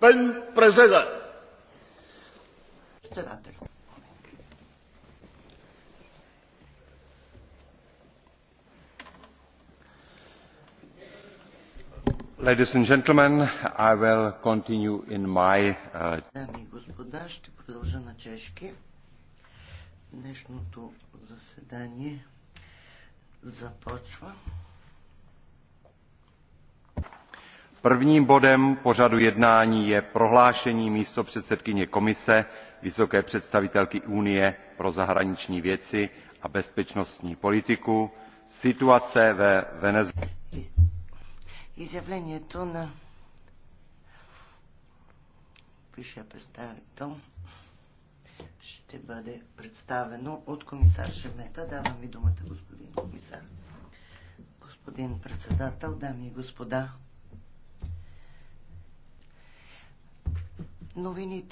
Пен президент. Председател. Ladies and gentlemen, I will continue in my... Uh... Дами и господа, ще продължа на чешки. Днешното заседание започва. prvním bodem pořadu jednání je prohlášení místopředsedkyně komise vysoké představitelky unie pro zahraniční věci a bezpečnostní politiku situace ve venezuele ще бъде представено от комисар Шемета. Давам ви думата, господин комисар. Господин председател, дами и господа, новините.